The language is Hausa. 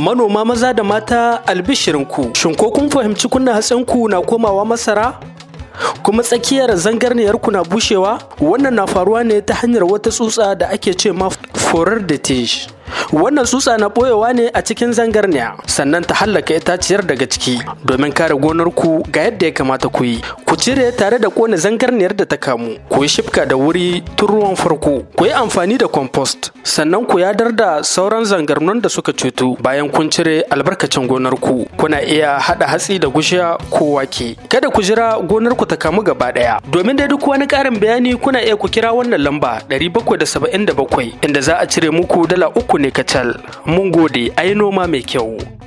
manoma maza da mata albishirinku shin ko kun fahimci kunna hatsinku na komawa masara kuma tsakiyar zangarniyarku na bushewa wannan na faruwa ne ta hanyar wata tsutsa da ake ce ma forar da tish wannan tsutsa na boyewa ne a cikin zangarniya sannan ta hallaka itaciyar daga ciki domin kare gonar ku ga yadda ya kamata ku yi ku cire tare da kone zangarniyar da ta kamu ku yi shifka da wuri tun ruwan farko ku yi amfani da compost sannan ku yadar da sauran zangarnon da suka cutu bayan kun cire albarkacin gonar ku kuna iya haɗa hatsi da gushiya ko wake kada ku jira gonar ku ta kamu gaba daya domin dai duk wani karin bayani kuna iya ku kira wannan lamba 777 inda za a cire muku dala uku ne kacal mun gode ai noma mai kyau